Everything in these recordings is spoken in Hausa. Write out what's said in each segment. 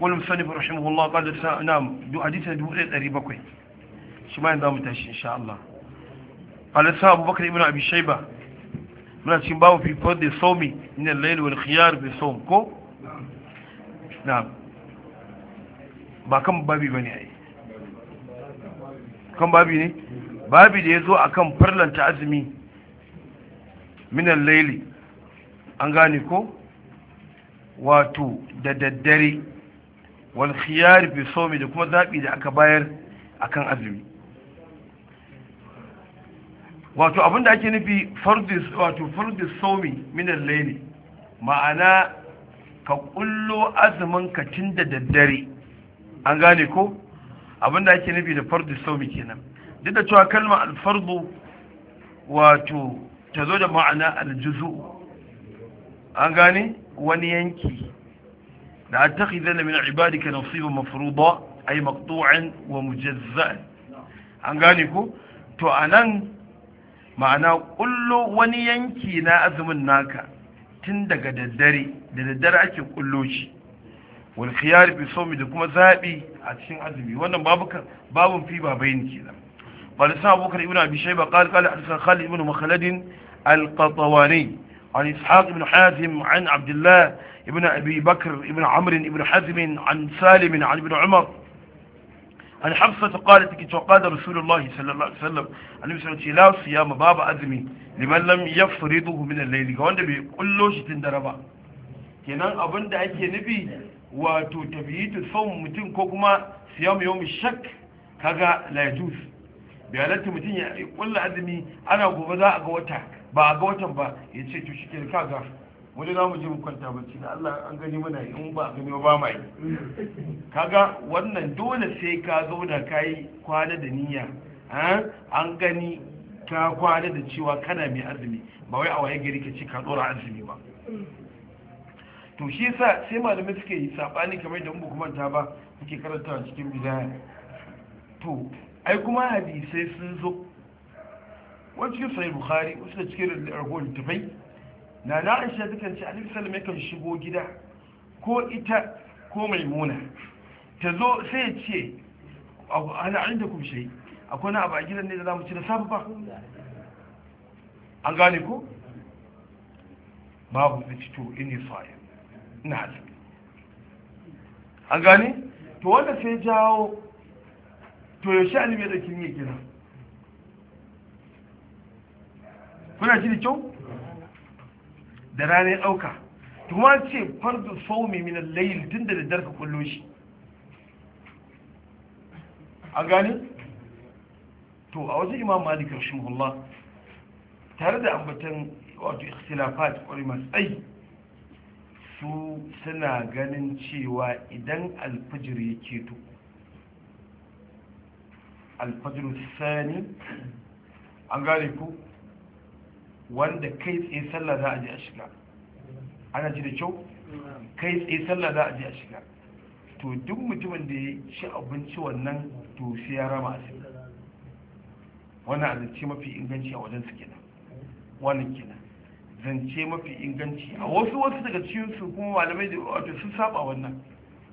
wani musamman bar rashin Allah ba da ta na da hudu ɗari bakwai shi ma yin zamu tashi insha Allah ala sa abu bakar ibn abi shaiba muna cikin babu fifo da somi ina lailu wani khiyar bai som ko na ba kan babi ba ne a kan babi ne babi da ya zo a kan farlanta azumi minan laili an gane ko wato da daddare wal khiyar fi sawmi da kuma zabi da aka bayar akan azumi wato abinda ake nufi wato fardis sawmi min al-layl ma'ana ka kullo azumin ka tun da daddare an gane ko abinda ake nufi da fardis sawmi kenan duk da cewa kalma al-fardu wato ta zo da ma'ana al-juzu an gane wani yanki لا أتخذن من عبادك نصيبا مفروضا أي مقطوعا ومجزأ أنقانيكو تو أنان ma'ana kullo wani yanki na azumin naka tun daga daddare da daddare ake kullo shi wal da kuma zaɓi a cikin azumi wannan babu kan babun fi babayin kenan bal sa abubakar ibnu abi shayba عن إسحاق بن حازم عن عبد الله ابن أبي بكر ابن عمرو ابن حزم عن سالم عن ابن عمر عن حفصة قالت وقال رسول الله صلى الله عليه وسلم النبي صلى الله عليه وسلم لا صيام باب أزمي liman lam yafriduhu min al-layl ga wanda bai kullo shi tun dare ba kenan abin ake nufi wato tabiyitu sawm mutum ko kuma siyam yawm shak kaga la yajuz bi alati mutum ya kullu azumi ana gobe za a ga wata ba a ga watan ba ya ce to shi ke kaga wani za mu je mu kwanta bacci da Allah an gani mana in ba a gani ba ma yi kaga wannan dole sai ka zauna ka yi kwana da niyya an gani ka kwana da cewa kana mai azumi ba wai a waye gari ka ce ka tsora azumi ba to shi sa sai malamai suke yi sabani kamar da mu kuma ta ba suke karanta cikin bidaya to ai kuma hadisai sun zo wani cikin sahih bukhari wasu da cikin ragowar tafai na na dukkan ci alif salam yakan shigo gida ko ita ko mai muna ta zo sai ya ce ana inda kuma shayi akwai na abu a gidan ne da zamu ci da sabu ba an gane ko babu da cito ini fayar na hazin an gane to wanda sai jawo to yaushe alimai da kin yi gina kuna ji da kyau da ranar ya ɗauka kuma ce fardu saumi min al-layl tun da daddar ka kullo shi an gane to a wajen imam malik rahimahullah tare da ambatan wato ikhtilafat wani masu tsayi su suna ganin cewa idan alfajir ya keto alfajir sani an gane ku wanda kai tsaye sallah za a je a shiga ana ji da kyau kai tsaye sallah za a je a shiga to duk mutumin da ya ci abinci wannan to sai ya rama asiri wannan a zance mafi inganci a wajen su kenan wannan kenan zance mafi inganci a wasu wasu daga cikin su kuma malamai da wato sun saba wannan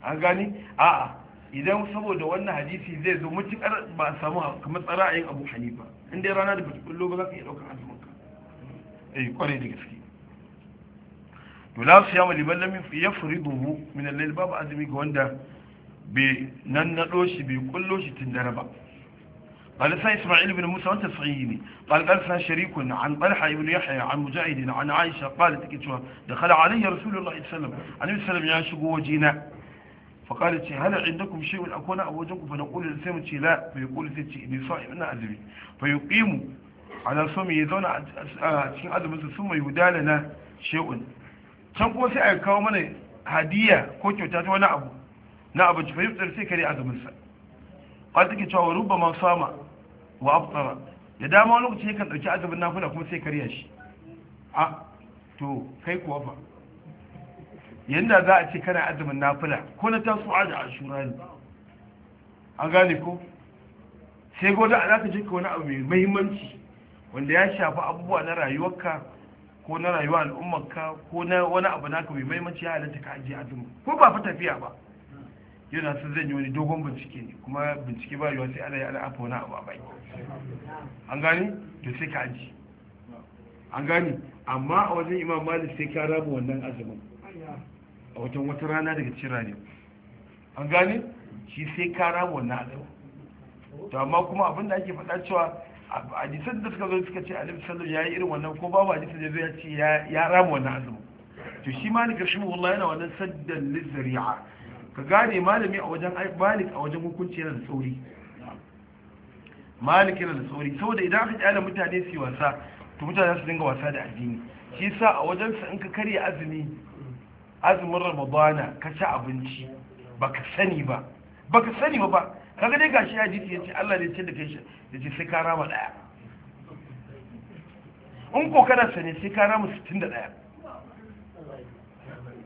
an gani? a'a idan saboda wannan hadisi zai zo mutukar ba a samu kamar tsara a yin abu hanifa inda rana da bata ba za ka iya ɗaukar azumi eh kwarai da gaske to la su yama liman lam yafriduhu min al-layl babu azumi ga wanda bai nan nado shi bai kullo shi tun dare ba قال سيد إسماعيل بن موسى والتسعيني قال قال سيد شريك عن طلحة بن يحيى عن مجاهد عن عائشة قالت كتوها دخل علي رسول الله صلى الله عليه وسلم عن النبي صلى الله عليه وسلم وجينا فقالت هل عندكم شيء أكون أوجكم فنقول لسيمتي لا فيقول سيدتي إني صائم أنا أذبي فيقيم ala sumi ya zauna a cikin azumin su suma yudala na shay'un can kuma sai a kawo mana hadiyya ko kyauta ta wani abu na abinci fa fahimtar sai kare azumin sa qal take cewa rubama sama wa aftara da dama wani lokaci yakan ɗauki azumin nafila kuma sai karya shi a to kai kuwa fa yanda za a ce kana azumin nafila ko na tasu'a da ashura ne an gane ko sai goda a zaka jinka wani abu mai muhimmanci wanda ya shafi abubuwa na rayuwarka ko na rayuwa al'ummarka ko na wani abu naka mai maimaci ya halatta ka ajiye azumi ko ba fa tafiya ba yau na sun yi wani dogon bincike ne kuma bincike ba yiwa sai ana yi al'afa wani abu a bai an gani to sai ka aji an gani amma a wajen imam malik sai ka raba wannan azumin a watan wata rana daga cikin ne. an gani shi sai ka raba wannan azumin to amma kuma abin da ake faɗa cewa hadisan da suka zo suka ce alif sallam ya yi irin wannan ko babu hadisan da zai ce ya rama wannan azumi to shi malik wallahi yana wannan saddan lizari'a ka gane malami a wajen malik a wajen hukunci yana da tsauri malik yana da tsauri saboda idan aka kyale mutane su yi wasa to mutane su dinga wasa da addini shi sa a wajen sa in ka karya azumi azumin ramadana ka ci abinci baka sani ba baka sani ba kaga dai gashi ya jiki yace Allah ne ce da kai shi yace sai ka rama daya in ko kana sani sai ka rama 61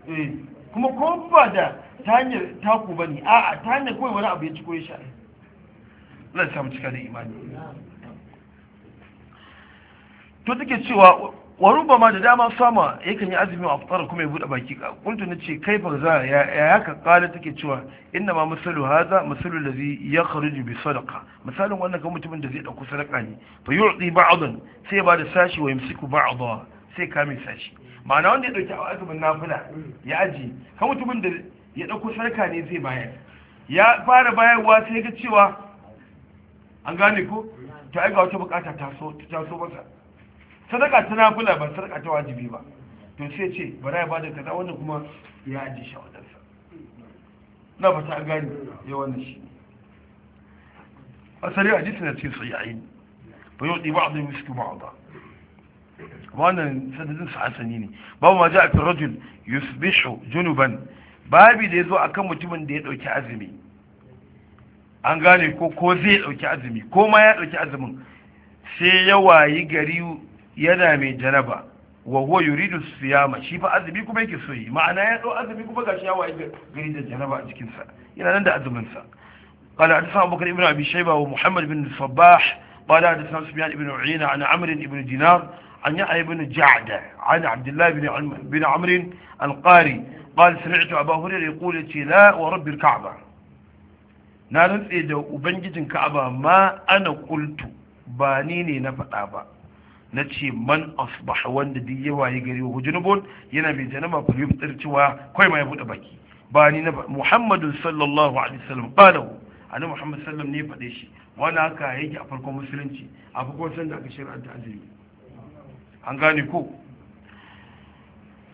eh kuma ko ba da ta hanyar taku bane a'a ta hanyar koyi wani abu ya ci ko ya sha Allah ya samu cika da imani to take cewa wa ma da dama sama yakan yi azumi a fitar kuma ya buɗe baki ka kuntu nace kai ba za ya haka kala take cewa inna ma masalu hadha masalu allazi yakhruju bi sadaqa misalin wannan kan mutumin da zai dauko sadaka ne fa yu'ti ba'dan sai ba da sashi wa yamsiku ba'dha sai kame sashi ma'ana wanda ya dauki a azumin nafila ya aji kan mutumin da ya dauko sadaka ne zai bayar ya fara bayarwa sai ga cewa an gane ko ta ai ga wata bukata ta so ta so masa sadaka ta nafila ba sadaka ta wajibi ba to sai ce bari ya bada kaza wannan kuma ya aji shawadarsa na ba ta gani ya eh, wannan shi asali a jisun da cikin tsayayi ba yau ɗiba abin ba. ma'auda wannan sadadin sa asani ne babu ma ja a rajul yusbishu junuban babi da ya zo akan mutumin da ya ɗauki azumi an gane ko ko zai ɗauki azumi ko ma ya ɗauki azumin sai ya wayi gari yana mai janaba wa huwa yuridu siyama shi fa azumi kuma yake so yi ma'ana ya dau azumi kuma gashi ya waye gari da janaba a jikin sa yana nan da azumin sa قال حدثنا ابو بكر بن ابي شيبه ومحمد بن الصباح قال الله na rantse da ubangijin ka'aba ma ana kultu ba ni ne na faɗa ba na ce man asbah wanda duk ya gari wa yana mai janaba fa yuftir cewa kai ma ya bude baki ba ni na Muhammadu sallallahu alaihi wasallam qalahu annabi Muhammad Sallam ne faɗe shi wani haka yake a farkon musulunci a farkon san da aka shirya da azumi an gane ko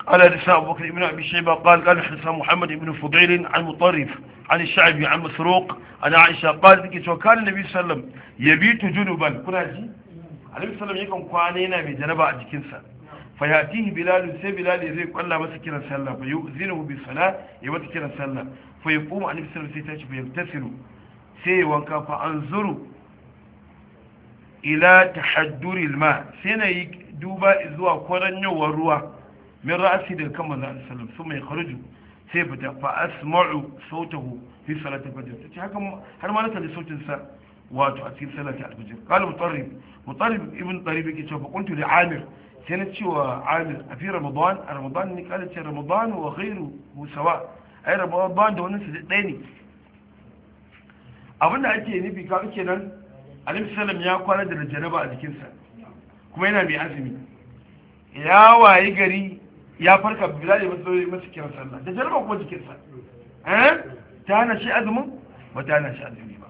قال رساء أبو بكر بن أبي شيبة قال قال حسن محمد بن فضيل عن مطرف عن الشعبي عن مسروق عن عائشة قال وكان النبي صلى الله عليه وسلم يبيت جنبا كنا alaihi salam yakan kwana yana mai janaba a jikinsa fa bilal sai bilal zai kwalla masa kiran sallah fa bi ya kiran sallah fa yaqumu alaihi sai ta ci fa yaftasilu sai ya wanka fa anzuru ila tahadduri alma sai na yi duba zuwa ruwa min ra'asi daga kan manzo alaihi kharuju sai fa asma'u sautahu fi salati fajr haka har ma na wato a cikin salati al-fajr qala mutarrib mutarib ibn tarib yake cewa kuntu li amir sai na cewa amir a fi ramadan a ramadan ne kada ce ramadan wa ghairu musawa ai ramadan da wannan su ɗaya ne abinda ake nufi ka ake nan alif salam ya kwana da jaraba a jikinsa kuma yana mai azumi ya wayi gari ya farka bilal ya masa kiran sallah da jaraba kuma jikinsa eh ta hana shi azumin ba ta hana shi azumi ba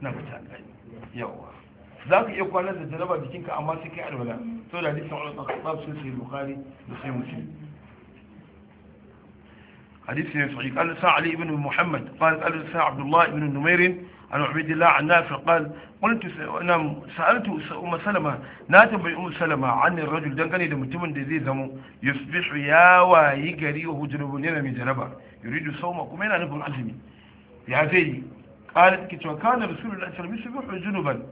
na ba ta gani yawa za ka iya kwanar da janaba jikinka amma sai kai alwala to da hadisin wani tsakasar sun sai bukari da sai mutum حديث صحيح قال ساعة علي بن محمد قال قال ساعة عبد الله بن نمير عن عبيد الله عن نافع قال قلت انا سالت ام سلمة na tambayi um salama an rajul dangane da mutumin da zai zamo yusbihu ya wayi gari wa hujrubun yana mai janaba yuridu sauma kuma yana nufin azumi ya zai yi qalat kitwa kana rasulullahi sallallahu alaihi wasallam yusbihu junuban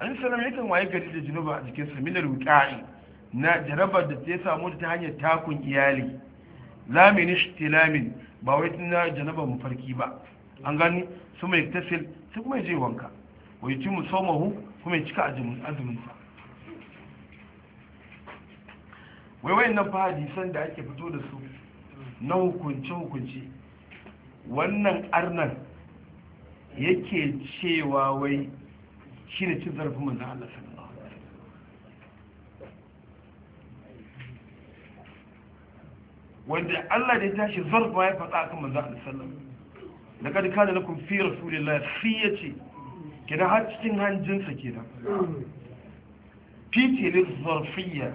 an yi salam yakan waye gari da junuba a jikinsa minar wuƙa'i na jarabar da ta samu ta hanyar takun iyali lamin ishtilamin ba wai na janaba mafarki ba an gani su mai tasil su kuma je wanka wai ci mahu kuma ya cika sa wai na fa hadisan da ake fito da su na hukunce-hukunce wannan arnan yake cewa wai shi ne cin zarafin manzan Allah sallallahu alaihi wanda Allah da ya tashi zarfa ya faɗa akan manzan Allah sallallahu da kada kada na kun fi rasulillah fi ya ce kina har cikin hanjinsa kenan fiti ne zarfiyya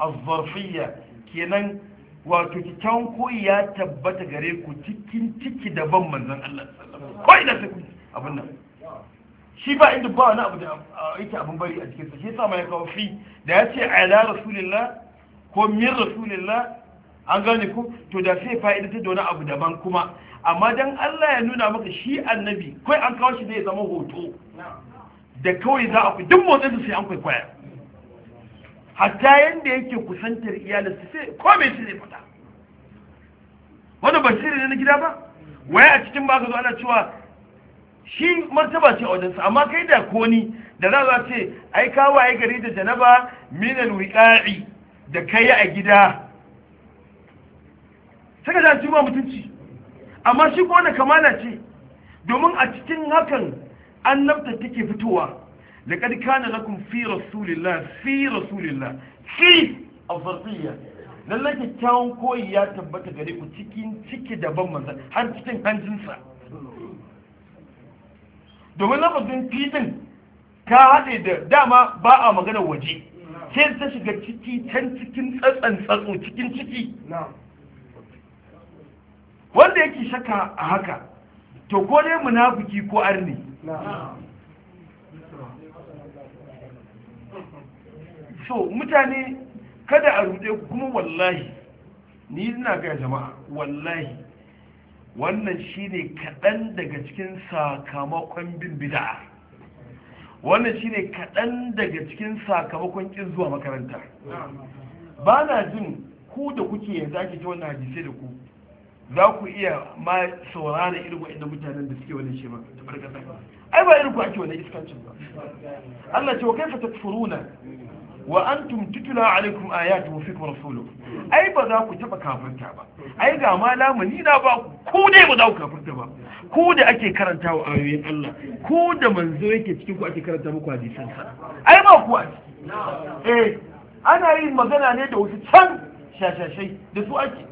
a zarfiyya kenan wato kyakkyawan koyi ya tabbata gare ku cikin ciki daban manzan Allah sallallahu alaihi wasallam ko ina ta abin nan shi ba inda ba wani abu da yake abin bari a cikin shi yasa mai kawo fi da ya ce ala rasulillah ko min rasulillah an gane ku to da sai fa'ida ta wani abu daban kuma amma dan Allah ya nuna maka shi annabi kai an kawo shi ne ya zama hoto da kawai za a duk motsin sai an kwaikwaya hatta yanda yake kusantar iyalinsa sai ko me shi zai fada wani basiri ne na gida ba waya a cikin ba ka zo ana cewa shi martaba ce a wajensa amma kai da koni da za ce ai kawo ai gari da janaba minal wiqa'i da kai a gida saka da cewa mutunci amma shi ko na kamala ce domin a cikin hakan annabta take fitowa laqad kana lakum fi rasulillah fi rasulillah fi afardiyya lallai kyakkyawan koyi ya tabbata gare ku cikin ciki daban manzan har cikin hanjinsa domin lafazin fitin ka haɗe da dama ba a magana waje sai ta shiga ciki can cikin tsatsan tsatsu cikin ciki wanda yake shaka a haka to ko dai munafiki ko arni so mutane kada a rude kuma wallahi ni ina ga jama'a wallahi wannan shine kaɗan daga cikin sakamakon bin bida'a wannan shine kaɗan daga cikin sakamakon ƙin zuwa makaranta ba na jin ku da kuke yanzu ake ta wannan hadisai da ku za ku iya ma saurara irin wa'inda mutanen da suke wani shema da barkata ai ba irin ku ake wani iskancin ba Allah ce wa kaifa takfuruna wa antum tutula alaikum ayatu fi rasuluhu ai ba za ku taba kafirta ba ai ga ma lamani na ba ku dai ba za ku kafirta ba ku da ake karanta wa ayoyin Allah ku da manzo yake cikin ku ake karanta muku hadisan sa ai ba ku eh ana yin magana ne da wasu can shashashai da su ake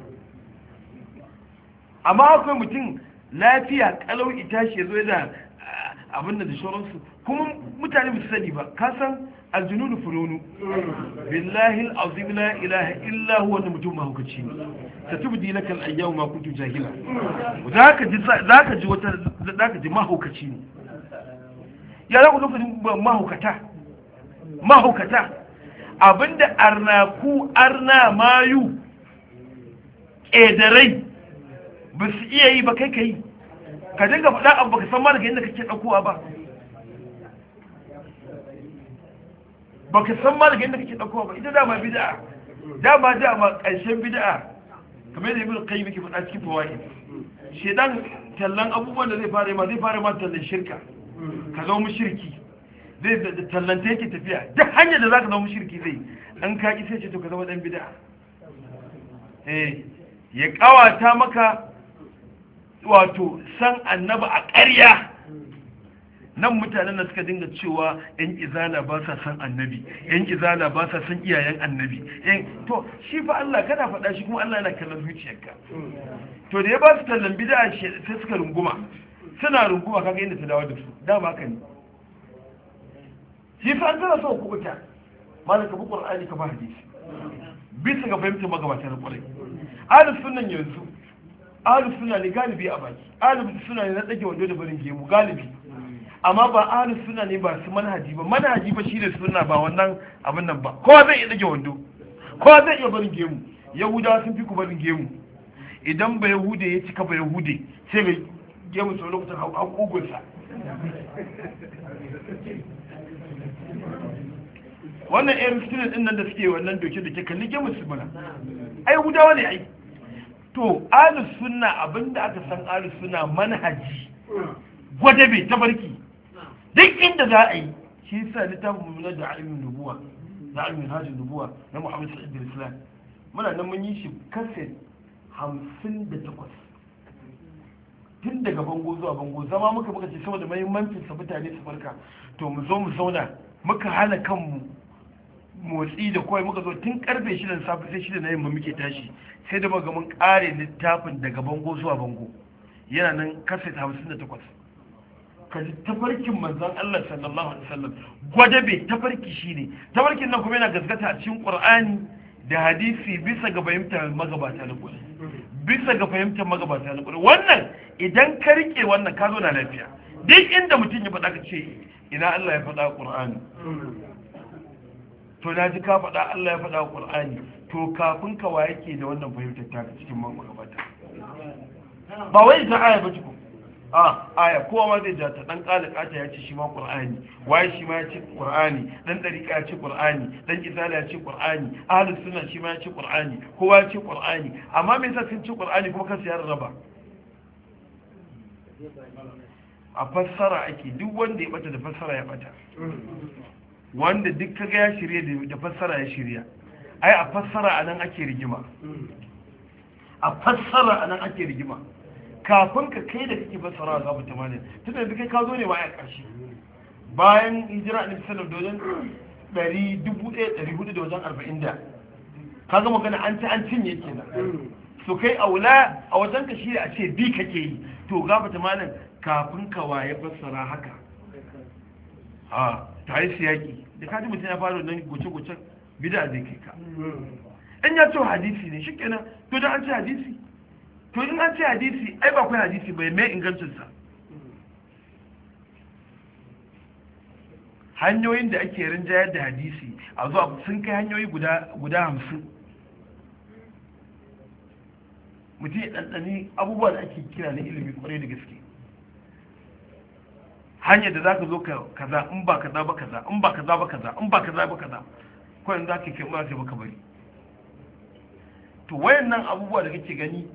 amma akwai mutum lafiya kalau ita shi zo ah, da abin da da su kuma mutane ba su sani ba ka san aljununu fununu billahi alazim la ilaha illa huwa wanda mutum mahaukaci ne ta tubdi laka al-ayyam ma kuntu jahila zaka ji ji mahaukaci ne ya za ku lokacin mahaukata mahaukata abinda arnaku arna mayu ƙedarai ba su iya yi ba kai ka yi ka dinga faɗa abu ba ka san ma daga inda kake ɗaukowa ba baka san ma daga inda kake ɗaukowa ba ita dama bid'a dama dama ƙarshen bid'a kamar da ibn qayyim yake faɗa cikin fawaid shedan tallan abubuwan da zai fara ma zai fara ma tallan shirka ka zo mu shirki. zai tallanta yake tafiya duk hanyar da zaka mu shirki zai an ka ki sai ce to ka zama dan bid'a eh ya kawata maka wato san annaba a ƙarya nan mutanen da suka dinga cewa yan izala ba sa san annabi yan izala ba sa san iyayen annabi to shi fa Allah kana faɗa shi kuma Allah yana kallon zuciyarka to da ya ba su tallan bid'a sai suka runguma suna runguma kaga inda ta dawo da su dama ka ne shi fa an gara sau malam malaka bukul ali ka ba hadisi bisa ga fahimtar magabatan kwarai ahlus sunnan yanzu ahlus sunna ne galibi a baki ahlus sunna ne na dage wando da barin gemu galibi amma ba ahlus sunna ne ba su manhaji ba manhaji ba shi da sunna ba wannan abin nan ba kowa zai iya dage wando kowa zai iya barin gemu yahudawa sun fi ku barin gemu idan ba yahude ya cika ba yahude sai ga gemu sau lokacin hau sa wannan yan student din nan da suke wannan doke da ke kalli gemu su mana ai gudawa ne ai to ahlus sunna abinda aka san ahlus sunna manhaji gwadabe tabarki duk inda za a yi shi sa littafin mu da da'imin nubuwa da'imin alimin hajjin nubuwa na muhammad sa'id bin islam muna nan mun yi shi kase hamsin da takwas tun daga bango zuwa bango zama muka muka ce saboda mahimmancin sa mutane su farka to mu zo mu zauna muka hana kanmu motsi da kawai muka zo tun karfe shidan safe sai shida na yamma muke tashi sai da muka mun kare littafin daga bango zuwa bango yana nan kaset hamsin da takwas ka ji tafarkin manzon Allah sallallahu alaihi wasallam gwadabe tafarki shine tafarkin nan kuma yana gaskata a cikin Qur'ani da hadisi bisa ga fahimtar magabata na kwarai bisa ga fahimtar magabata na kwarai wannan idan ka rike wannan ka zo na lafiya duk inda mutum ya faɗa ka ce ina Allah ya faɗa Qur'ani to na ji ka faɗa Allah ya faɗa Qur'ani to kafin ka wa yake da wannan fahimtar ta cikin magabata ba wai ta aya ba cikin a aya kowa ma zai jata dan kalakata ya ce shi ma qur'ani waye shi ma ya ce qur'ani dan dariqa ya ce qur'ani dan izala ya ce qur'ani ahli sunna shi ma ya ce qur'ani kowa ya ce qur'ani amma me yasa sun ce qur'ani kuma kansu ya raba a fassara ake duk wanda ya bata da fassara ya bata wanda duk kaga ya shirye da fassara ya shirya ai a fassara anan ake rigima a fassara anan ake rigima kafin ka kai da kake basara a zaɓin tamanin tun da kai ka zo ne ya ƙarshe bayan hijira a nufisar da wajen 1440 dubu hudu da wajen arba'in da ka zama gani an ci an cinye kenan so kai a wula a wajen ka shi a ce bi kake yi to gafa tamanin kafin ka waye basara haka a tare siyaki da kaji mutum ya fara don goce-gocen bida zai kai ka in ya ce hadisi ne shi kenan to da an ci hadisi to in an ce hadisi ai ba kai hadisi bai mai ingancinsa hanyoyin da ake rinjayar da hadisi a zuwa sun kai hanyoyi guda hamsin mutum ya ɗanɗani abubuwa da ake kira na ilimi kwarai da gaske hanyar da za ka zo kaza in ba kaza ba kaza in ba kaza ba kaza in ba kaza ba kaza kwayan za ka kai ba baka bari to wayannan abubuwa da kake gani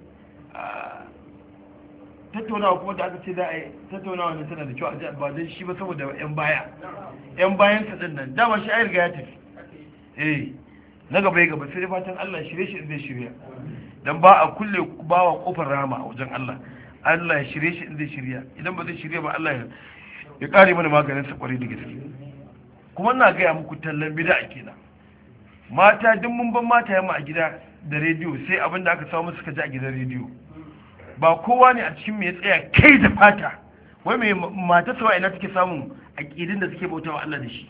tattaunawa kuma da aka ce za a yi tattaunawa ne tana da kyau a ba don shi ba saboda yan baya yan bayan ta din dama shi ayar riga tafi eh na gaba ya gaba sai fatan Allah shirye shi zai shirya dan ba a kulle bawa kofar rama a wajen Allah Allah ya shirye shi zai shirya idan ba zai shirya ba Allah ya kare mana maganin sa kwarai da gaske kuma ina ga ya muku tallan bid'a kenan mata duk mun ban mata yamma a gida da rediyo sai abin da aka samu suka ji a gidan rediyo ba kowa ne a cikin mai tsaya kai da fata wai mai mata sawa ina take samun aƙidin da suke bautawa Allah da shi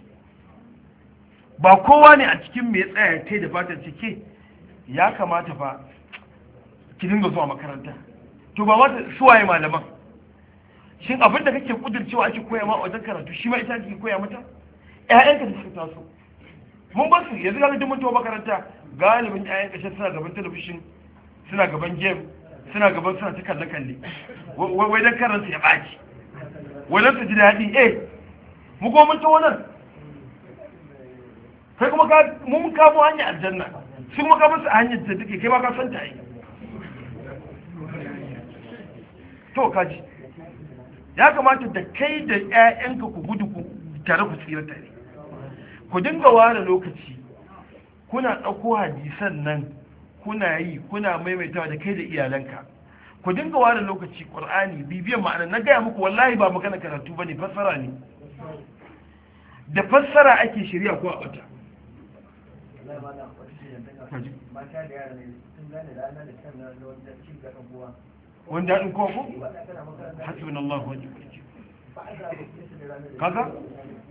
ba kowa ne a cikin mai tsaya kai da fata cike ya kamata fa ki dinga zuwa makaranta to ba wata suwaye malaman shin abin da kake kudircewa ake koya ma a wajen karatu shi ma ita ake koya mata ƴaƴanka da suka taso mun ba su yanzu ga duk mun makaranta galibin ƴaƴan ƙashe suna gaban talabishin suna gaban gem, suna gaban suna ta kalle kalle wai don karansu ya baki wai don su ji daɗi eh mu ko mun ta wannan kai kuma ka mun kamo hanyar aljanna su kuma kamo su hanyar da take kai ba ka san ta yi to kaji ya kamata da kai da ƴaƴanka ku gudu ku tare ku tsira tare ku dinga ware lokaci kuna ɗauko hadisan nan kuna yi kuna maimaitawa da kai da iyalanka ku dinga ware lokaci ƙur'ani bibiyan ma'ana na gaya muku wallahi ba magana karatu ba ne fassara ne da fassara ake shirya ko a bata wanda haɗin kofo? hasibin Allah wajen kaga?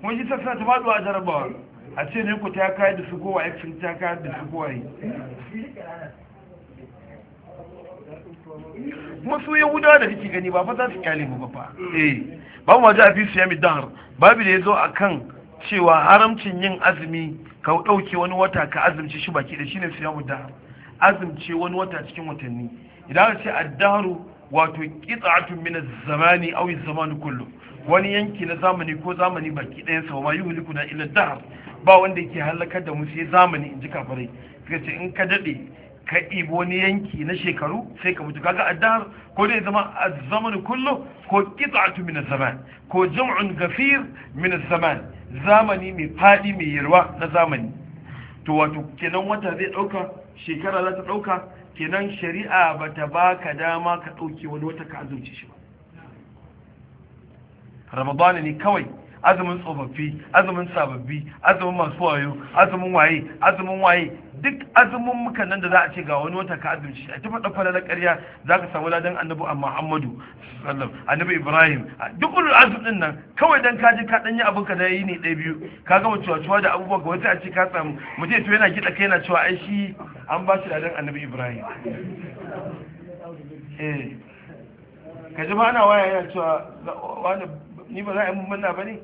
wajen sassa ta faɗuwa a jarabawa a ce ne ku ta kayar da su kowa ya fi ta kai da su kowa yi musu yahudawa da kake gani ba fa za su kyale mu ba fa eh ba mu waje a fi siyami dahar babu da ya zo a kan cewa haramcin yin azumi ka ɗauke wani wata ka azumci shi baki da shine siya dahar azumce wani wata cikin watanni idan ka ce addaharu wato qita'atun min az-zamani aw az-zamanu kullu wani yanki na zamani ko zamani baki ɗayan sa ma yuhliku na illa dahar ba wanda ke halakar da mu sai zamani in ji kafirai suka ce in ka daɗe ka ibo wani yanki na shekaru sai ka mutu kaga addar ko dai zama az kullu ko qit'atu min zaman ko jam'un ghafir min zaman zamani mai fadi mai yalwa na zamani to wato kenan wata zai dauka shekara za ta dauka kenan shari'a bata baka dama ka dauke wani wata ka azumci shi ba Ramadan ne kawai azumin tsofaffi azumin sababbi azumin masu wayo azumin waye azumin waye duk azumin muka nan da za a ce ga wani wata ka azumci a tafi ɗan falalar ƙarya za ka samu ladan annabi a muhammadu sallam annabi ibrahim duk wani azumin din nan kawai dan ka ji ka ɗanyi abin ka da yi ne ɗaya biyu ka gama cuwa da abubuwa ga wata a ce ka samu mutum to yana kiɗa kai yana cewa ai shi an ba shi ladan annabi ibrahim eh ka ji ana waya yana cewa wani ni ba za a yi mummunna ba ne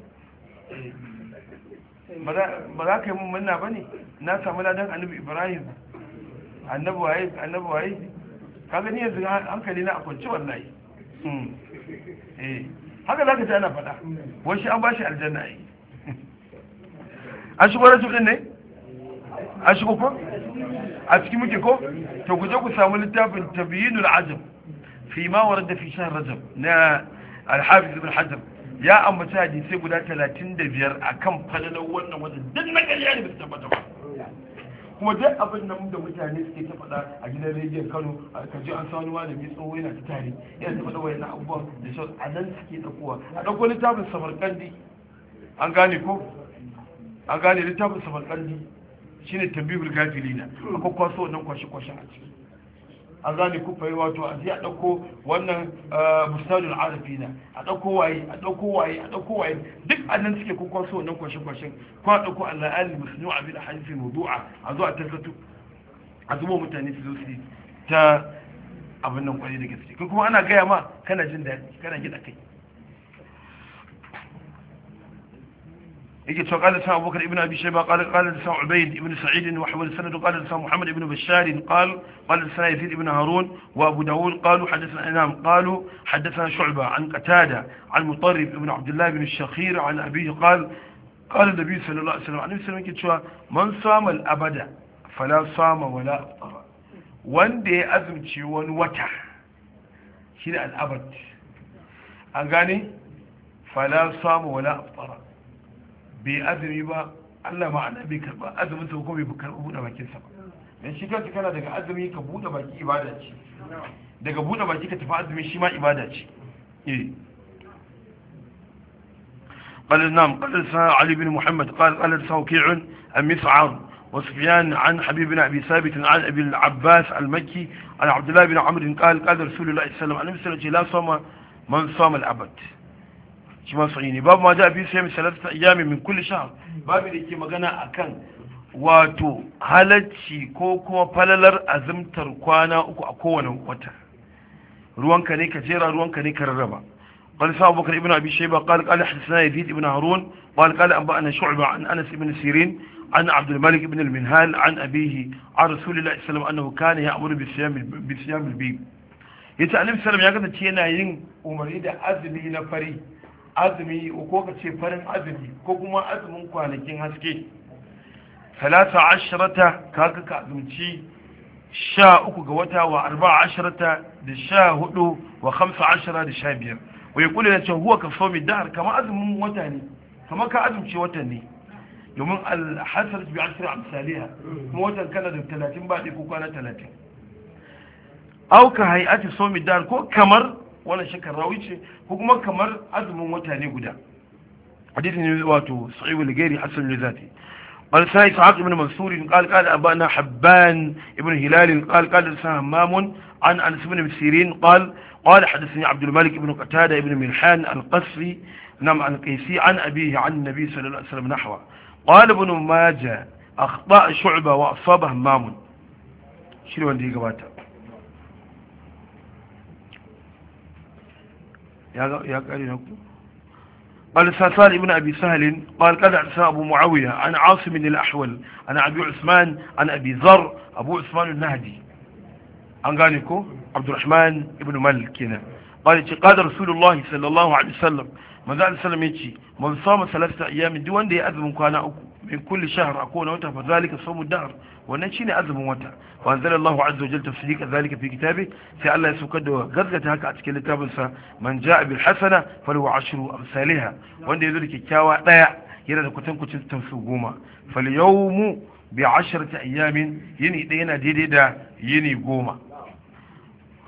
ba za ka yi mummunna ba ne na samu ladan annabi ibrahim annabi waye annabi waye kaga ni yanzu hankali na a wallahi hmm. eh, haka za ka ta ana faɗa wasu an ba shi aljanna yi an shigo rasu ne an shigo ko a cikin muke ko to ku je ku samu littafin tabiyinul ajab fi ma da fi shan rajab na alhafi zubin hajjar ya ambaci hadisai guda talatin da biyar a kan falalar wannan wata duk na ƙarya ne bisa tabbata ba kuma duk abin nan da mutane suke ta faɗa a gidan rediyon Kano a kaji an sanu wani mai tsawo yana ta tare yana ta faɗa wani abubuwan da shawar, a nan suke ɗaukowa a ɗauko littafin samarkandi an gane ko an gane littafin samarkandi shine tambihul gafilina akwai kwaso wannan kwashe-kwashen a ciki an zane kufa yi wato a sai a ɗauko wannan musnadul eh, arabi na a ɗauko waye a ɗauko waye a ɗauko waye duk a nan suke kuka so wannan kwashe kwashen ko a ɗauko allah ali musnu a bin hanifi mudu'a a zo a tarkatu a zubo mutane su zo su ta abin nan kwari da gaske kuma ana gaya ma kana jin daɗi kana gida kai يجي قال لسان أبو بكر ابن أبي شيبة قال قال لسان عبيد ابن سعيد وحول السند قال لسان محمد ابن بشار قال قال لسان يزيد ابن هارون وأبو داود قالوا حدثنا إنام قالوا حدثنا شعبة عن قتادة عن مطرب ابن عبد الله بن الشخير عن أبيه قال قال النبي صلى الله عليه وسلم عن النبي صلى الله عليه وسلم من صام الأبد فلا صام ولا أفطر وان دي أزم wani wata shi da al'abad an gane fala samu wala bai azumi ba Allah ma annabi karba azumin sa kuma bai karba bude bakin sa ba dan shi kanka kana daga azumi ka bude baki ibada ce daga bude baki ka tafi azumi shi ma ibada ce eh قال نعم قال علي بن محمد قال قال سوكيع عن مسعر وسفيان عن حبيب بن أبي ثابت عن أبي العباس المكي عن عبد الله بن عمرو قال قال رسول الله صلى الله عليه وسلم لا صام من صام الأبد shi ma sahihi ne babu ma ja bi sai mi salatu ayyami min kulli shahr babu da ke magana akan wato halacci ko kuma falalar azumtar kwana uku a kowane wata ruwanka ne ka jera ruwanka ne ka rarraba قال سعد بكر ابن أبي شيبة قال قال حدثنا يزيد بن هارون قال قال أنبأنا شعبة عن أنس بن سيرين عن عبد الملك بن المنهال عن أبيه عن رسول الله صلى الله عليه وسلم أنه كان يأمر بصيام بصيام البيب يتعلم سلم يا كذا تينا ين أمر إذا أذني نفري azumi ko ka ce farin azumi ko kuma azumin kwanakin haske talata ashirata kaga ka azumci sha uku ga wata wa arba ashirata da sha hudu wa hamsa ashira da sha biyar wai kula da ce huwa ka so somi dahar kama azumin wata ne kama ka azumci wata ne domin alhassar bi asira amsaliya kuma watan kana da talatin ba ɗaya ko kwana talatin auka hayati somi dahar ko kamar wani shekar rawice ko kuma kamar azumin wata ne guda hadisi ne wato sa'ibu ligari hassan ne zati bal sai sa'ad ibn mansur in qala qala abana habban ibn hilal in qala qala sahmam an anas ibn sirin qala qala hadathani abd al malik ibn qatada ibn milhan al qasri nam an qaysi an abihi an nabi sallallahu alaihi wasallam nahwa qala ibn majah اخطا شعبه واصابه مام شنو اللي قبلته ya kare na ku al-sasan ibn abi sahl qal qad arsa usman an abi zar abu usman al-nahdi an gane alaihi wasallam manzo sallallahu alaihi wasallam yace man sama salasa ayyam duwan da ya azumin kwana uku من كل شهر أكون وتر فذلك صوم الدهر ونشيني أزم وتر وأنزل الله عز وجل تصديق ذلك في كتابه في الله يسكده قذلت هكا أتكلم تابنسا من جاء بالحسنة فله عشر أمثالها وأن يدرك كاوى ضيع يرى كتنكو تنتم سقوما فاليوم بعشرة أيام يني دينا ديدا يني قوما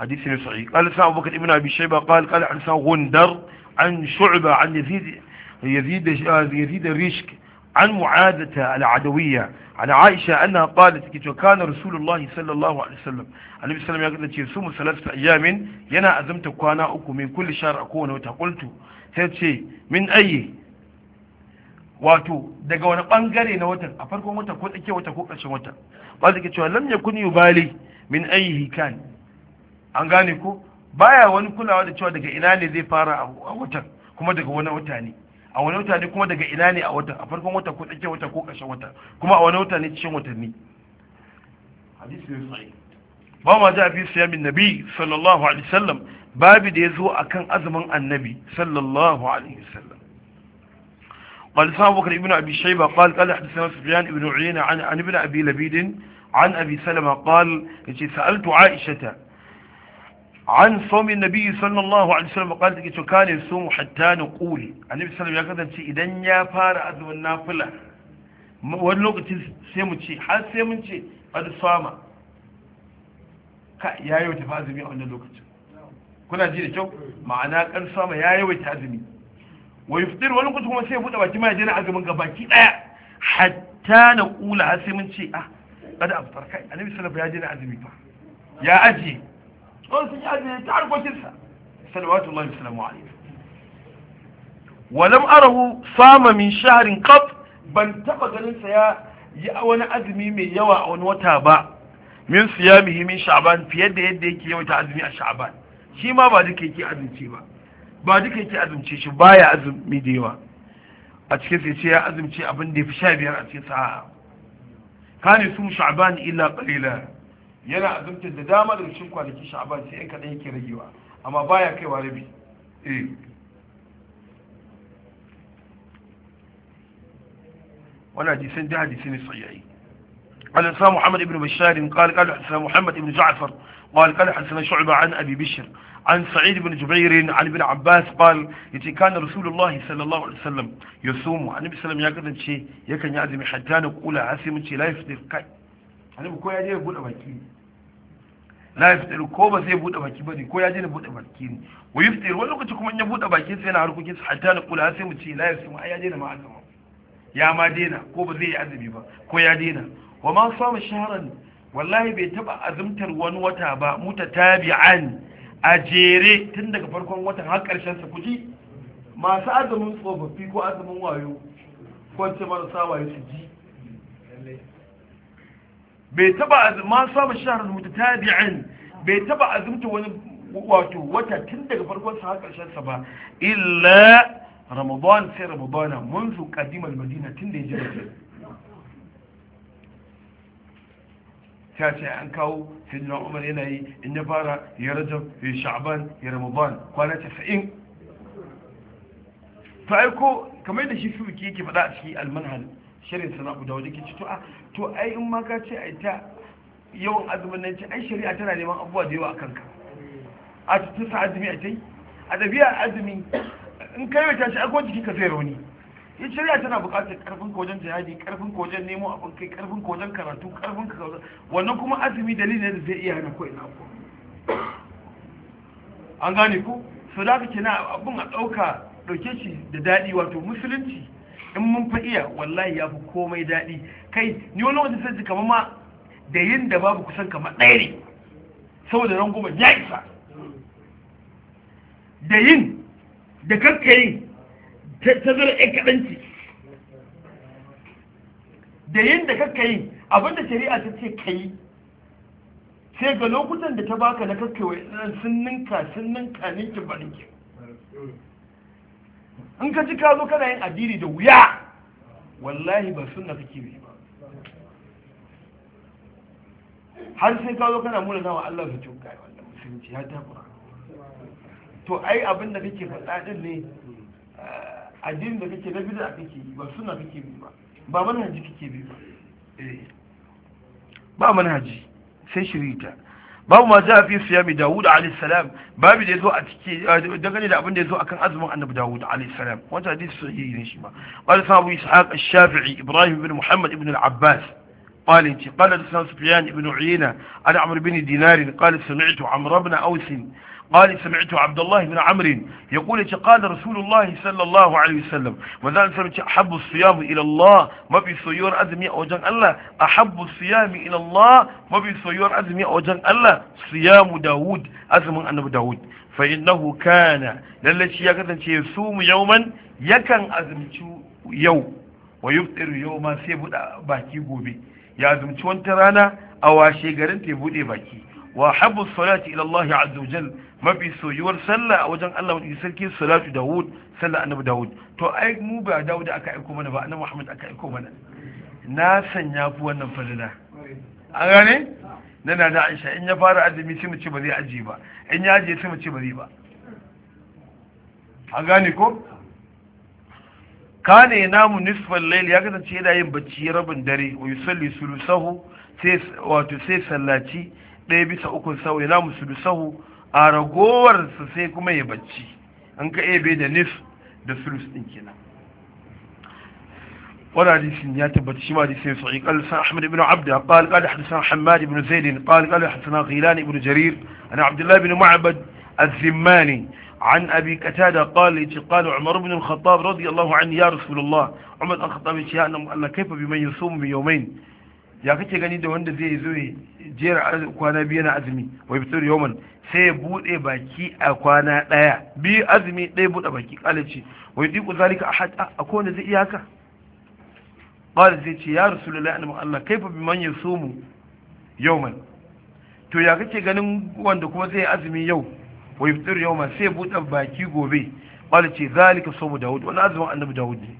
حديث صحيح قال سعد بكر ابن أبي شيبة قال قال عن سعد غندر عن شعبة عن يزيد يزيد آه، يزيد الريشك عن معادة العدوية عن عائشة أنها قالت كان رسول الله صلى الله عليه وسلم النبي صلى الله عليه وسلم يصوم ثلاثة أيام ينا أزمت كوانا أكو من كل شهر أكون وتقلت سيتشي من أي wato daga wani bangare na watan a farkon watan ko tsakiyar watan ko ƙarshen watan ba zai cewa lam yakun yubali min ayyi kan an gane ko baya wani kulawa da cewa daga ina ne zai fara a watan kuma daga wani wata ne a wani wata ne kuma daga ina ne a wata a farkon wata ko tsakiyar wata ko ƙarshen wata kuma a wani wata ne cikin watanni ba ma ja fi siyamin nabi sallallahu alaihi sallam. babu da ya zo a kan azumin annabi sallallahu alaihi wasallam قال سمع بكر ابن أبي شيبة قال قال حدثنا سفيان بن عيينة عن, عن ابن أبي لبيد عن أبي سلمة قال سألت عائشة an saumin nabi sallallahu alaihi wasallam qala take to kane sumu hatta naquli annabi sallallahu ya kasance idan ya fara azumin nafila wani lokaci sai mu ce har sai mun ce qad sama ka ya yawaita fa azumi a wannan lokacin kuna ji da kyau ma'ana kan sama ya yawaita azumi wa yufdir wani kutu kuma sai ya buɗe baki ma ya azumin ga baki daya hatta naqula har sai mun ce ah qad aftar kai annabi sallallahu ya jira azumi fa ya ajiye tsawon sun yi azumi ta harkokinsa salawatu Allah salamu alaihi walam arahu sama shaharin kaf ban taba ganin sa ya yi wani azumi mai yawa a wani wata ba min siyamihi min sha'ban fiye da yadda yake yawaita azumi a sha'ban shi ma ba duka yake azumci ba ba duka yake azumce shi baya azumi da yawa a cikin sai ce ya azumce abin da ya fi sha biyar a cikin sa'a kane su sha'ban illa qalila yana azumtar da dama da rikin kwanaki sha'aban sai yanka ɗaya yake ragewa amma baya kaiwa rabi wani hadisun da hadisun ne tsayayi wani sa muhammad ibn bashari kawai kawai hasan muhammad ibn ja'afar kawai kawai hasan shu'ba an abi bishir an sa'id ibn jubair an ibn abbas qal yace kan sallallahu alaihi wasallam yusum an ibn sallam ya kadance yakan yi azumi hatta na kula asimin ce la kai annabi ko ya je ya bude baki la yaftiru ko ba zai bude baki bane ko ya je da bude baki ne wa yaftiru wani lokaci kuma in ya bude baki sai yana harkokin sa hatta na kula sai mu ce la yaftiru ai ya je da ma azumi ya ma daina ko ba zai yi azumi ba ko ya daina wa ma samu shaharan wallahi bai taba azumtar wani wata ba mutatabi'an a jere tun daga farkon watan har karshen sa kuji masu azumin tsofaffi ko azumin wayo ko ce marasa wayo su ji bai taba ma saba bai taba azumta wani wato wata tun daga farkon sa har karshen sa ba illa ramadan sai ramadan منذ قديم المدينه tun da ya je ta ce an kawo sayyidina umar yanayi in ya fara ya rajab ya sha'ban ya ramadan kwana 90 Ta aiko kamar da shi suke yake faɗa a cikin almanhal shirin sana guda wajen kici to a to ai in ma ka ce a ta yawan azumin nan ce ai shari'a tana neman abubuwa da yawa a kanka a cikin sa azumi a ta yi a tafiya azumi in ka yawaita shi akwai ka zai rauni in shari'a tana buƙatar karfin kojan jihadi karfin kojan nemo abin kai karfin kojan karatu karfin ka wannan kuma azumi dalilin da zai iya hana ko ina ko an gane ko su da kake na abin a ɗauka ɗauke shi da daɗi wato musulunci in mun fa iya wallahi ya fi komai daɗi kai ni wani wata sai kamar ma da yin da babu kusan kamar ɗaya ne saboda goma ya isa da yin da karka yin ta zara ɗan kaɗanci da yin da karka yin abinda shari'a ta ce ka yi sai ga lokutan da ta baka na karka sun ninka sun ninka ninki ba ninki in ka ji ka zo kana yin addini da wuya wallahi ba sunna kake bi ba har sai ka zo kana mura wa Allah su ce kai wallahi musulunci ya kura to ai abin da kake faɗa din ne eh, addinin da kake na bid'a kake yi ba sunna kake bi ba ba manhaji kake bi ba eh ba manhaji sai shirita babu ma za a fi siyami dawud alaihissalam babu da ya zo a cike dangane da abin da ya zo a kan azumin annabi dawud alaihissalam wata hadisi sahihi ne shi ma qala abu ishaq ash-shafi'i ibrahim ibn muhammad ibn al-abbas qala qala lisan sufyan ibn uyayna an amr ibn dinar qala sami'tu amr ibn ausin قال سمعت عبد الله بن عمرو يقول قال رسول الله صلى الله عليه وسلم وذلك سمعت أحب الصيام إلى الله ما في صيور أزمي أوجن الله أحب الصيام إلى الله ما في صيور أزمي أوجن الله صيام داود أزم أنه داود فإنه كان للتي يكتن يصوم يوما يكن أزمت يوم ويفطر يوما سيبود باكي قوبي يا أزمت وانترانا أو أشيغرن تيبود باكي وأحب الصلاة إلى الله عز وجل mafi soyuwar sallah a wajen Allah wani sarki salatu dawud sallah annabi dawud to ai mu ba dawud aka aiko mana ba annabi muhammad aka aiko mana na sanya ku wannan fadila an gane na na da aisha in ya fara azumi sai mu ce ba zai aje ba in ya aje sai mu ce ba zai ba an gane ko kane mu nisfal layl ya kasance yana yin bacci rabin dare wa yusalli sulusahu sai wato sai sallaci ɗaya bisa ukun sahu ya mu sulusahu a ragowar su sai kuma ya bacci an ka ebe da nif da sulus din kenan wala hadisin ya tabbata shi ma hadisin sahih qala ahmad ibn abd qal qad hadathana hammad ibn zaid qal qad hadathana ghilan ibn jarir ana abdullah ibn ma'bad az-zimani عن أبي كتادة قال قال عمر بن الخطاب رضي الله عنه يا رسول الله عمر الخطاب يشياء أنه قال كيف بمن يصوم بيومين يا كتاك أني دواند زي زوي جير قوانا بينا أزمي ويبتر يوما sai ya buɗe baki a kwana ɗaya biyu azumi ɗaya buɗe baki ƙala ce wai yi zalika a haɗa a kowane zai iyaka ƙala zai ce ya rasu lalai annabi allah kai fa bi man ya mu yau man to ya kake ganin wanda kuma zai azumi yau wai fitar yau man sai ya buɗe baki gobe ƙala ce zalika so mu dawud wani azumin annabi dawud ne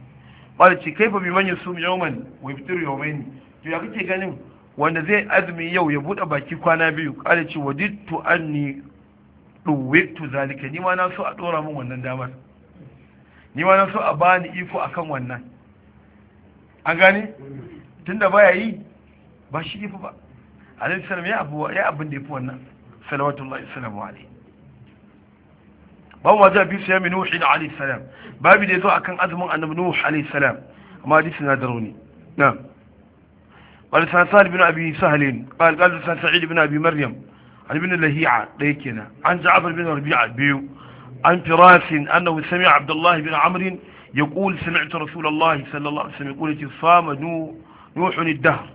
ƙala ce kai fa bi man ya mu yau man wai fitar yau man to ya kake ganin wanda zai azumi yau ya buɗe baki kwana biyu ƙara ce wadittu anni ɗuwittu zalika ni ma na so a ɗora min wannan damar ni ma na so a bani iko akan wannan an gane tunda baya yi ba shi iko ba alayhi salam ya abu ya abin da yafi wannan salawatullahi salamu alayhi babu wata biyu sai mai nuhi alayhi salam babu da zo akan azumin annabi nuhu alayhi salam amma hadisi na daruni na'am قال سعد بن أبي سهل قال قال سعيد بن أبي مريم عن ابن لهيعة ليكنا عن جعفر بن ربيعة بيو عن فراس أنه سمع عبد الله بن عمرو يقول سمعت رسول الله صلى الله عليه وسلم يقول صام نوح الدهر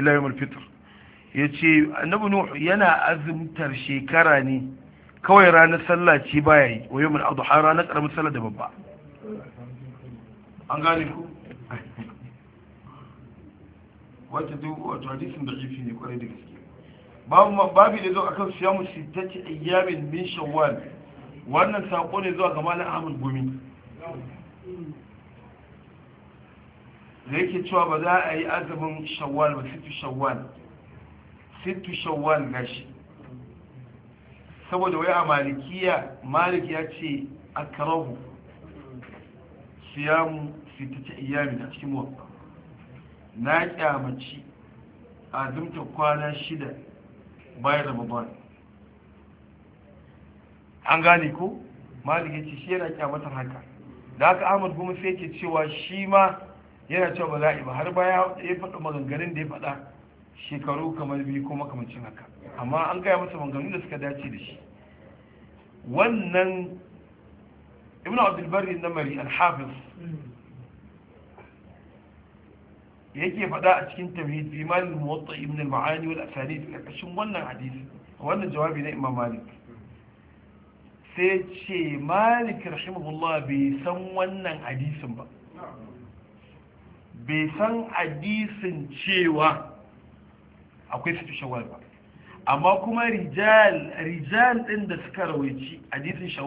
إلى يوم الفطر يتي النبي نوح ينا أزم ترشي كراني كوي رانا sallah تيباي ويوم الأضحى رانا yawmul adha ranar karamin wata duk wato hadisin da jifi ne kwarai da gaske babu babu ne zo akan siyamu sittati ayyamin min shawwal wannan sako ne zuwa ga malam Ahmad Gumi da yake cewa ba za a yi azumin shawwal ba sittu shawwal sittu shawwal gashi saboda wai a malikiya malik ya ce akrahu siyamu sittati ayyamin a cikin muwatta na kyamaci dumta kwana shida bayan ramadan an gane ko malik ce shi yana kyamatar haka da haka ahmad kuma sai ke cewa shi ma yana cewa ba za'i ba har baya ya faɗa maganganun da ya faɗa shekaru kamar biyu ko makamancin haka amma an gaya masa maganganun da suka dace da shi wannan ibn abdulbari na mari alhafiz yake faɗa a cikin tamhid bi imam al-muwatta ibn al-ma'ani wal asanid karkashin wannan hadisi wannan jawabi na imam malik sai ce malik rahimahullah bai san wannan hadisin ba bai san hadisin cewa akwai fitu shawwal ba amma kuma rijal rijal din da suka rawaici hadisin su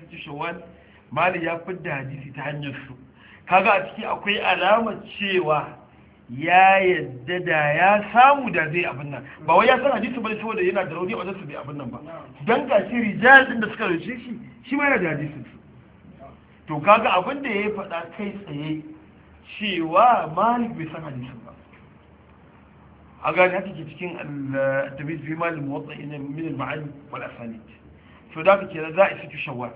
fitu shawwal mali ya fidda hadisi ta hanyar su kaga a ciki akwai alamar cewa ya yadda da ya samu da zai abin nan ba wai ya san hadisi bane saboda yana da rauni a wajen su bai abin nan ba dan ga shi rijal din da suka rushe shi shi ma yana da hadisin su to kaga abin da ya faɗa kai tsaye cewa malik bai san hadisin ba a gani haka ke cikin al-tabiz bi malik muwatta ina min al-ma'ani wal asanid to da kake za a yi sutu shawwal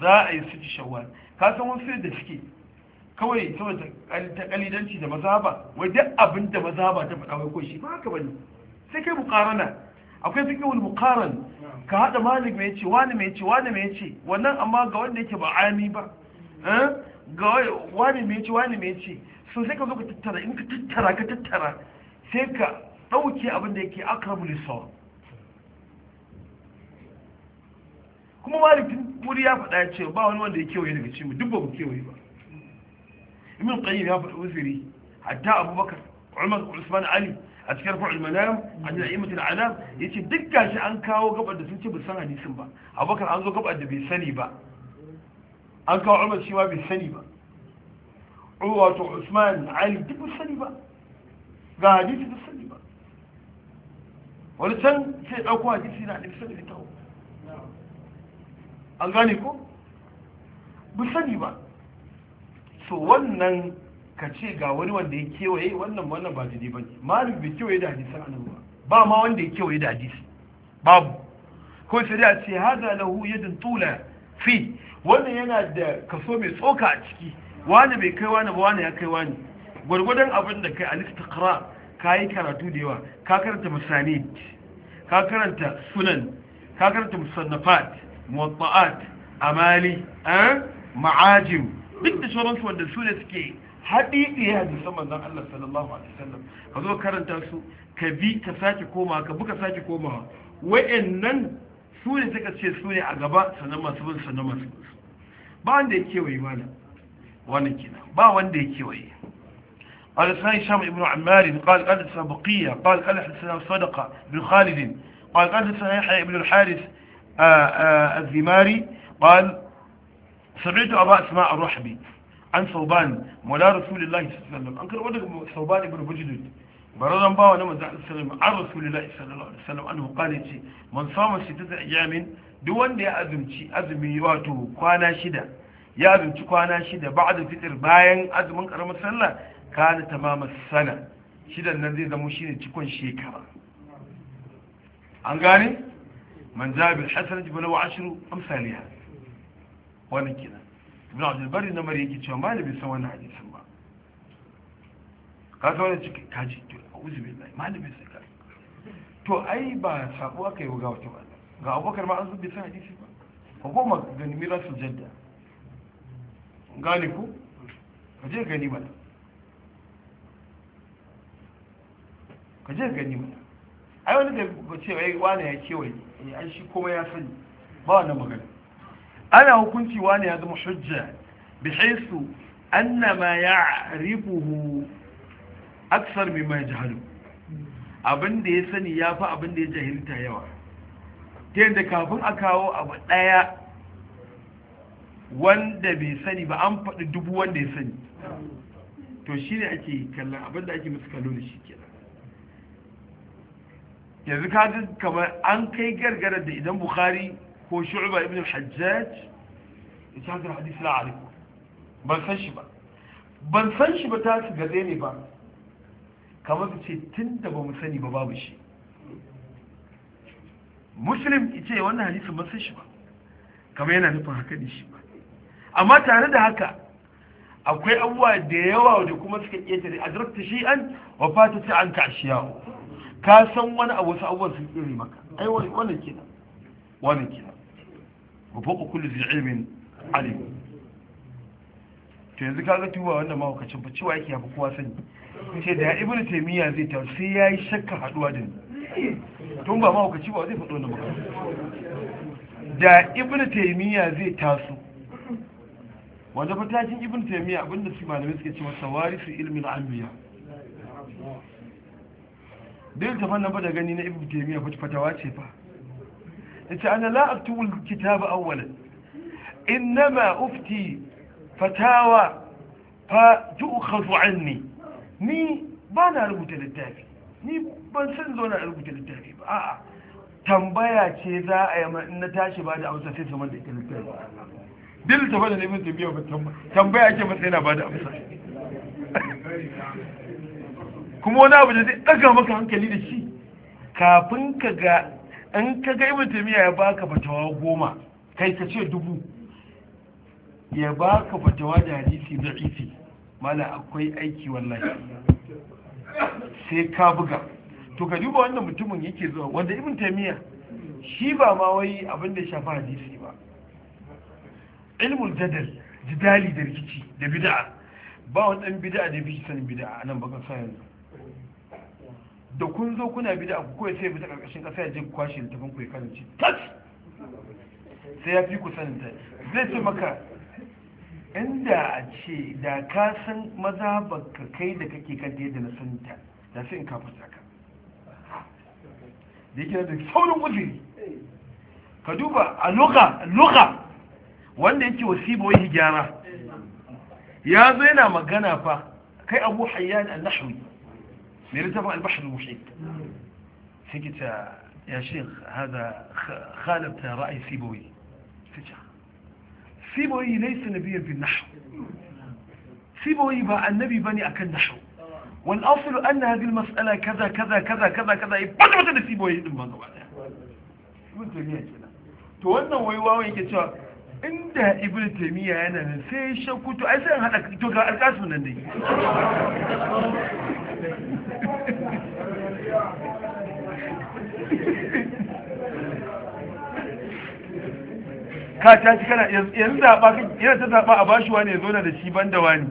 za a yi sutu shawwal ka san wasu da suke kawai saboda ta kalidanci da mazaba wai duk abin da mazaba ta faɗa wai ko shi ba haka bane sai kai muqarana akwai fiqhul muqaran ka hada malik mai yace wani mai yace wani mai yace wannan amma ga wanda yake ba ayami ba eh? ga wani mai yace wani mai yace so sai ka zo ka tattara in ka tattara ka tattara sai ka dauke abin da yake akrabu lisaw kuma malik wuri ya faɗa ya ce ba wani wanda ya kewaye daga cikin duk ba mu kewaye ba ibn qayyim ya faɗi uzuri hatta abubakar umar usman ali a cikin rafa'ul manam an la'imatul alam yace duk gashi an kawo gabar da sun ce ba san hadisin ba abubakar an zo gabar da bai sani ba an kawo umar shi ma bai sani ba wato usman ali duk ba sani ba ga hadisi ba sani ba wani can sai ɗauko hadisi na hadisi sani da tawo an gane ko ba sani ba so wannan ka ce ga wani wanda ya kewaye wannan wannan ba daidai ba ne malik bai kewaye da hadisan anan ba Ba ma wanda ya kewaye da hadisi babu ko sai a ce hada lahu yadin tula fi wannan yana da kaso mai tsoka a ciki wani bai kai wani ba wani ya kai wani gwargwadon abin da kai alistiqra ka yi karatu da yawa ka karanta musanid ka karanta sunan ka karanta musannafat muwatta'at amali eh, ma'ajim duk da sauransu wanda su ne suke haɗi ɗaya hadisan manzon Allah sallallahu alaihi wasallam ka zo karanta su ka bi ka sake komawa ka bi ka sake komawa wa'annan su ne suka ce su ne a gaba sannan masu bin sannan masu bin ba wanda ya kewaye mana wannan kina ba wanda ya kewaye قال حدثنا هشام بن عمار قال قال حدثنا بقية قال قال حدثنا صدقة بن خالد قال قال حدثنا يحيى بن الحارث الزماري قال سمعت أبا أسماء الرحبي عن ثوبان مولى رسول الله صلى الله عليه وسلم أنكر ودك ثوبان بن بجدد برضا باوة نمز عليه السلام عن رسول الله صلى الله عليه وسلم أنه قال من صام ستة أيام دون دي أزمتي أزمي واتو قانا شدة يا أزمتي قانا شدة بعد فتر باين أزمان كرم السنة كان تمام السنة شدة النزيد مشيني تكون شيكرا أنقاني من ذاب الحسنة بلو عشر أمثالها wannan kenan ibn abdul bari na mari yake cewa malami san wannan hadisin ba ka san wannan cikin kaji to a'udhu billahi malami sai ka to ai ba sabo aka yi ga wata ba ga abubakar ma an zubi san hadisi ba ko goma gani mira su jadda gane ku ka je gani mana ka je gani mana ai wani da ba ce wani ya kewaye eh, ai shi kuma ya sani ba wannan magana ana hukunci wani ya zama hujja bi haisu annama ya ya'rifuhu aksar mai mai abin da ya sani ya fi abin ya jahilta yawa ta yadda kafin a kawo abu ɗaya wanda bai sani ba an faɗi dubu wanda ya sani to shi ne ake kallon abin da ake musu kallo da shi kenan yanzu kaga kamar an kai gargara da idan bukhari ko shu'ba ibn al-hajjaj yace hadar hadisi la alaikum ban san shi ba ban san shi ba ta su gaze ne kamar su ce da ba mu sani ba shi ce wannan kamar yana amma tare da haka akwai abubuwa da yawa da kuma suka ƙetare a zarta shi an wafata ta an ka san wani abu wasu abubuwan sun maka ai wannan kina wannan kina wa fawqa kulli dhi ilmin alim Ta yanzu kaga tuwa wannan ma ba cewa yake yafi kowa sani ce da ibnu taymiya zai ta sai yayi shakka haduwa da ni tun ba ma wakaci ba zai faɗo wannan ba da ibnu taymiya zai taso wanda fatakin ibn taymiya abinda su malamai suke cewa sawarisu ilmin anbiya dai ta fanna ba da gani na ibn taymiya fatawa ce fa yace ana la aktubu alkitaba awwalan inma ufti fatawa fa tu'khadhu anni ni ba na rubuta littafi ni ban san zo na rubuta littafi ba a'a tambaya ce za a yi in na tashi ba da amsa sai samar da ita littafi duk littafi da neman ta ba tambaya ce ba sai na ba da amsa kuma wani abu da zai daga maka hankali da shi kafin ka ga in ka ga mutum ya baka fatawa goma kai ka ce dubu ya baka fatawa da hadisi da isi mana akwai aiki wallahi sai ka buga to ka duba wanda mutumin yake zuwa wanda ibn taymiya shi ba ma wai abin da shafa hadisi ba ilmul jadal jidali da rikici da bida'a. ba wani dan bid'a da bi sanin bid'a nan baka sa yanzu da kun zo kuna bi da abu ko ya sai bisa karkashin kasa ya je ku kwashe littafin ku ya karanci tas sai ya fi ku sanin ta zai ce maka inda a ce da ka san maza ba ka kai da kake kan da na sanin ta da sai in ka fasa ka da yake da saurin uzuri ka duba a loka loka wanda yake wasiba wai gyara ya zo yana magana fa kai abu hayyan annahwi ميرزا بقى البحر المحيط فقلت يا شيخ هذا خالف رأي سيبوي سيبوي ليس نبيا بالنحو سيبوي بقى النبي بني أكل نحو والأصل أن هذه المسألة كذا كذا كذا كذا كذا يبقى مثلا سيبوي المنظر قلت ليه تولنا ويواوي كتاب inda ابن تيمية أنا nan sai shakku to ai sai من to ka tashi kana yanzu zaɓa yana ta zaɓa a bashi wani ya zona da shi ban da wani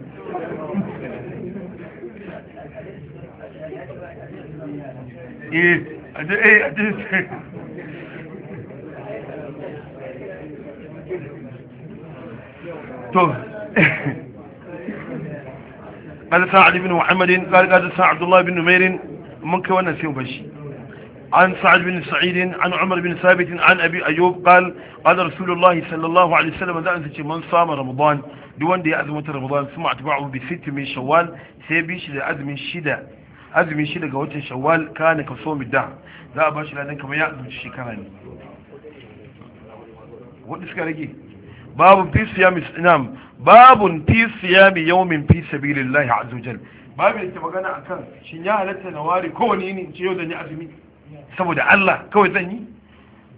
eh a ce eh a ce to قال سعد بن محمد قال قال سعد الله بن نمير منك وانا سيو بشي عن سعد بن سعيد عن عمر بن ثابت عن أبي أيوب قال قال رسول الله صلى الله عليه وسلم ذا من صام رمضان دون دي أزمة رمضان ثم اتبعه بست من شوال سيبيش لأزم شدة أزم شدة قوات شوال كان كصوم الدهر ذا باش لأنك ما يأزم الشكران ودس سكاريكي باب في صيام نعم باب في صيام يوم في سبيل الله عز وجل باب اللي تبغانا أكان شنيا لتنواري كونيني نواري كوني إني شيء يوزن يا saboda Allah kawai zan yi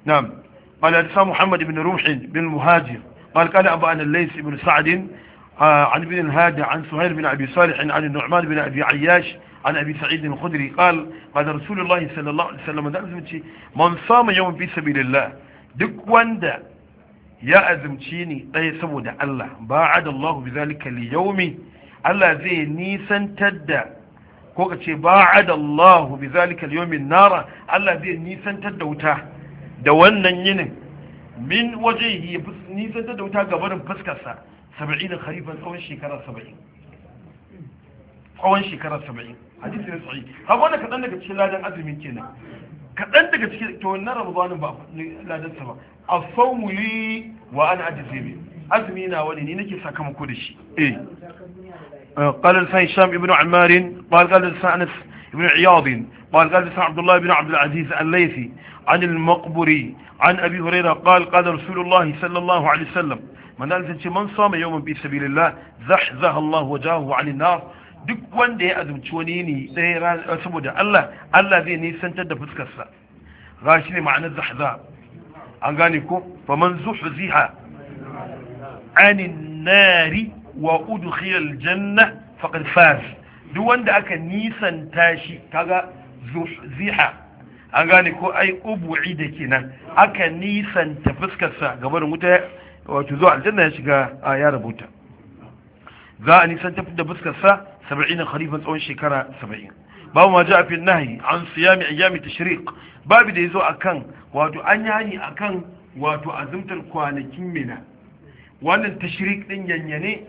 na'am قال حدثنا محمد بن رمح بن المهاجر قال قال أبانا الليث بن سعد عن ابن الهادي عن سهير بن أبي صالح عن النعمان بن أبي عياش عن أبي سعيد الخدري قال قال رسول الله صلى الله عليه وسلم من صام يوم في سبيل الله duk wanda ya azumci ni ɗaya saboda Allah ba adallahu bi zalika li yaumi Allah zai nisantar da ko ka ce ba a ba'ada Allahu bi zalika yomin nara Allah zai nisantar da wuta da wannan yinin min wajhihi nisantar da wuta gabarin fuskar sa 70 kharifan tsawon shekara 70 tsawon shekara 70 hadisi ne sahih haka wannan kaɗan daga cikin ladan azumin kenan kaɗan daga cikin to wannan ramadanin ba ladan sa ba as-sawmu wa ana ajzi ne azumi na wani ni nake sakamako da shi eh قال لسان هشام بن عمار قال قال لسان أنس بن عياض قال قال لسان عبد الله بن عبد العزيز الليثي عن المقبري عن أبي هريرة قال قال رسول الله صلى الله عليه وسلم من قال من صام يوما في سبيل الله زحزح الله وجهه عن النار duk wanda ya azumci wani ne ɗaya saboda Allah Allah zai nisantar da fuskarsa za shi ne ma'anar zahza an gane ko faman zuhziha anin nari wa udkhiyal janna faqad faz duk wanda aka nisanta shi kaga ziha an gane ko ai ubu da kenan aka nisanta sa gaban wuta wato zuwa aljanna ya shiga ya rubuta za a nisanta da fuskarsa 70 kharifan tsawon shekara 70 babu ma ja'a fi nahyi an siyami ayami tashriq babu da yazo akan wato an yani akan wato azumtar kwanakin mina wannan tashriq din yanyane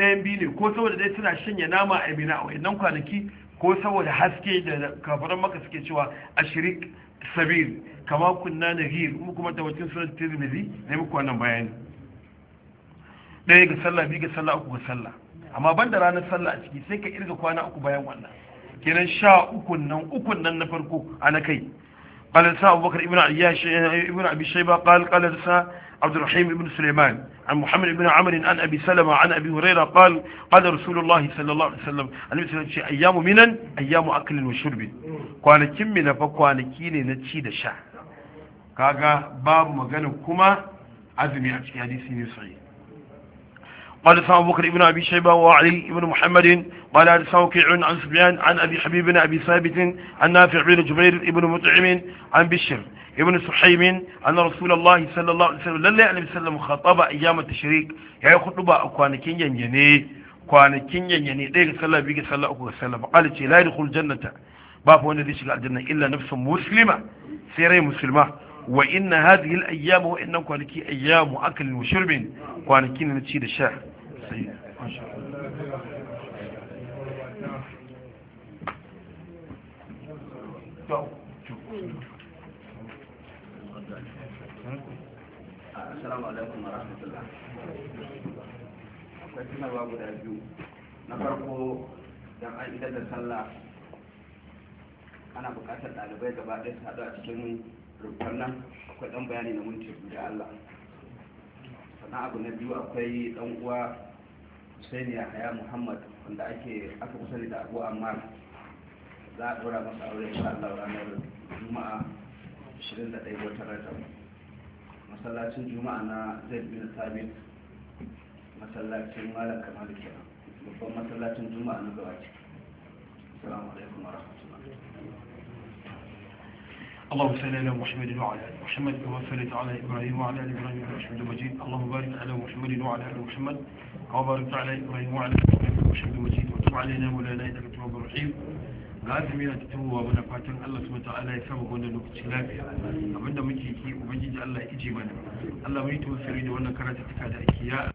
ɗayan biyu ne ko saboda dai suna shanya nama a ibina a wayannan kwanaki ko saboda haske da kafaran maka suke cewa a shirik sabir kama kunna na hir mu kuma ta wacin sunan tirmidhi na yi wannan bayani ɗaya ga sallah biyu ga sallah uku ga sallah amma ban da ranar sallah a ciki sai ka irga kwana uku bayan wannan kenan sha uku nan uku nan na farko a na kai قال sa أبو بكر ابن عياش ابن قال قال عبد الرحيم بن سليمان عن محمد بن عمر عن أبي سلمة عن أبي هريرة قال قال رسول الله صلى الله عليه وسلم أن مثل شيء أيام من أيام أكل وشرب قال كم من fa kwanaki ne na ci da sha kaga babu magana kuma azumi a cikin قال سمع بكر ابن أبي شيبة وعلي ابن محمد قال حدثنا وكيع عن سبيان عن أبي حبيب بن أبي ثابت عن نافع بن جبير ابن مطعم عن بشر ibn suhaimin anna rasulullahi sallallahu alaihi wasallam lalle kwanakin yanyane kwanakin yanyane ɗaya ga sallah biyu ga sallah uku ga sallah ba ce la yadkhul jannata ba fa wanda zai shiga aljanna illa nafsun muslima sai rai musulma wa inna hadhihi al-ayyam wa innan kwanaki ayyamu aklin wa na ci da sha sai Go. assalamu alaikum wa rahmatullah akwai tunarwa guda biyu na farko don an idar da sallah ana buƙatar ɗalibai gaba ɗaya su haɗu a cikin rubutun nan akwai ɗan bayani na minti da Allah sannan abu na biyu akwai ɗan uwa Hussaini Yahaya Muhammad wanda ake aka fi da Abu amma za a ɗora masa aure insha Allah ranar Juma'a 21 ga watan Rajab masallacin juma'a na zai bin sabit masallacin malam kamar da kenan babban masallacin juma'a na gabaci assalamu alaikum wa اللهم صل على محمد وعلى ال محمد كما صليت على ابراهيم وعلى ال ابراهيم انك حميد مجيد اللهم بارك على محمد وعلى ال محمد كما باركت على ابراهيم وعلى ال ابراهيم انك حميد مجيد وتب علينا مولانا انك تواب رحيم ga azumi na fitowa mana fatan Allah mata ta'ala ya saba wannan lokaci lafiya abinda muke yi ubangiji Allah ya ije mana Allah mai tawassuri da wannan karatu da ake ya